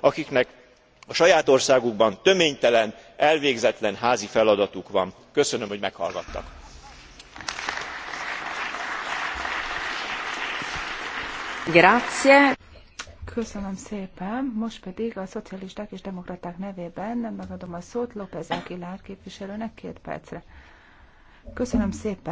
akiknek a saját országukban töménytelen elvégzetlen házi feladatuk van. köszönöm hogy meghallgattak. Grazie. Köszönöm szépen. Most pedig a szocialisták és demokraták nevében nem megadom a szót López Ákilár képviselőnek két percre. Köszönöm szépen.